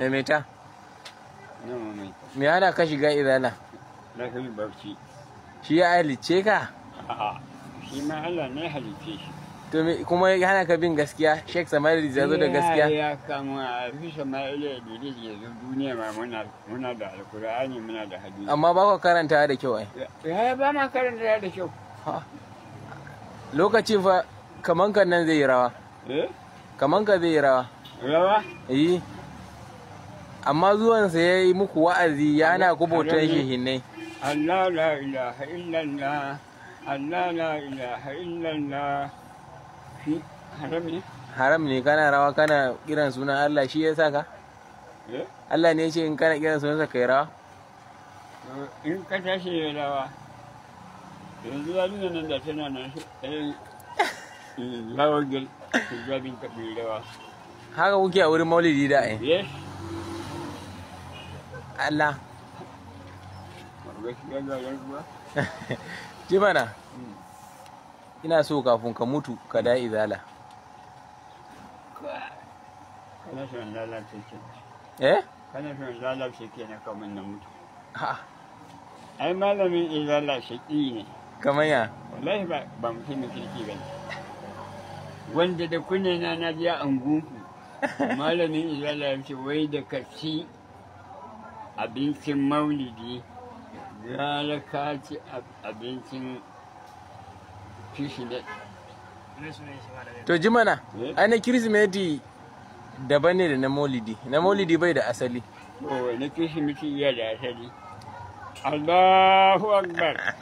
Eh, me maimaita me ana ka shiga izala na ka yi barci shi ya halice ka shi ma Allah na halice shi to me kuma ya hana ka bin gaskiya Sheikh Samari ya zo da gaskiya ya kama a fi Samari da Idris ya zo duniya ma muna muna da alkur'ani muna da hadisi amma ba ka karanta da kyau ai ya ba ma karanta da kyau lokaci fa kaman kan nan zai yi rawa eh kaman ka zai yi rawa rawa eh amma zuwan sa ya yi muku wa'azi ya na yana kubutan shehinai Allah la ilaha illallah Allah la ilaha illallah haram ne haram ne kana rawa kana kiran sunan Allah shi ya saka eh? Allah ne ya ce in kana kiran sa kai rawa eh, in ka tashi ya rawa yanzu zalina nan da tana nan rawar eh, gil ka bi rawa haka kuke a wurin maulidi da ai Allah Ji mana, hmm. ina so kafin ka mutu ka hmm. da izala kana son lalace ke eh kana son lalace ke na kamar na mutu Ha. ai malamin izala shaƙi ne kamar ya wallahi ba ba mutumin kirki ba wanda da kunne na ji ji angunku malamin izala ya ce wai da kaci abincin maulidi gara ka ci abincin kishine. to ji mana eh? ana kirismeti daban ne da na maulidi na maulidi bai da asali to oh, na kirismeti iya da asali allahu akbar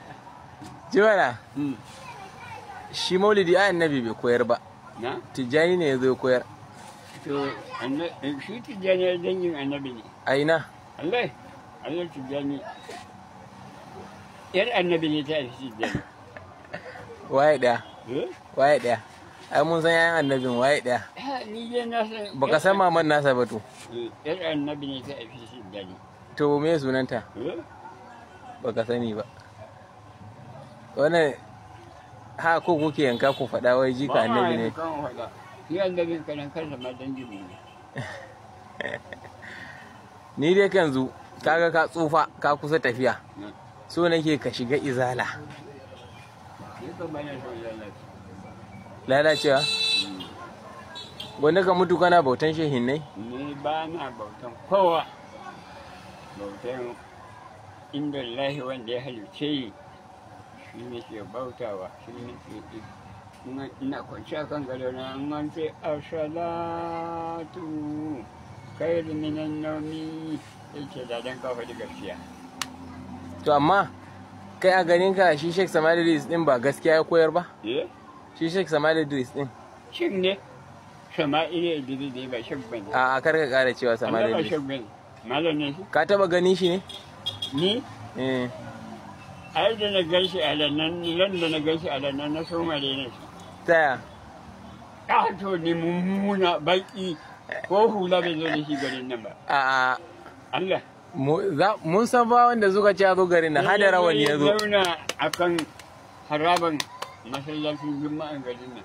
ji mana hmm. shi maulidi a annabi bai koyar ba tijjani ne ya zo koyar to eh, shi tijjani dangin annabi ne a Allah ne ta waye ɗaya, eh? waye ɗaya? ai mun san annabin waye ɗaya? ni san maman nasa ba to eh, yar annabi ne ta tijjani to me sunanta baka sani ba wannan ha ko kuke yanka ku faɗa wai jika annabi ne kansa ma dan ne ni dai kan zu kaga ka tsufa ka kusa tafiya so nake ka shiga izala lalacewa mm. wanda ka mutu kana bautan shehin ne? ni ba na bautan kowa bautan inda lahi wanda ya halice shi ne ke bautawa shi ne ke ina kwanciya kan gado na an a asalatu kai minan nomi yake da dan kafa da gaskiya to amma kai a ganin ka shi Sheikh Samali Idris din ba gaskiya ya koyar ba eh shi Sheikh Samali Idris din Sheikh ne Sama'ila Idris ne ba Sheikh bane a a karka kare cewa Sama'ila Idris ba Sheikh bane malam ne ka taba ganin shi ne ni eh ai da na gaishe a nan nan da na gaishe a nan na so mare ne ta ƙato ah, ne mummuna baki ko hula bai zo da shi garin nan ba a'a Allah mun san ba wanda zuka ci zo garin nan hada rawan ya zo zauna akan haraban masallacin juma'an garin nan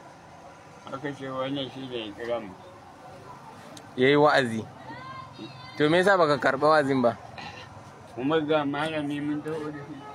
aka ce wannan shi ne ikram yayi wa'azi to me yasa baka karba wa'azin ba kuma ga malami mun dawo da shi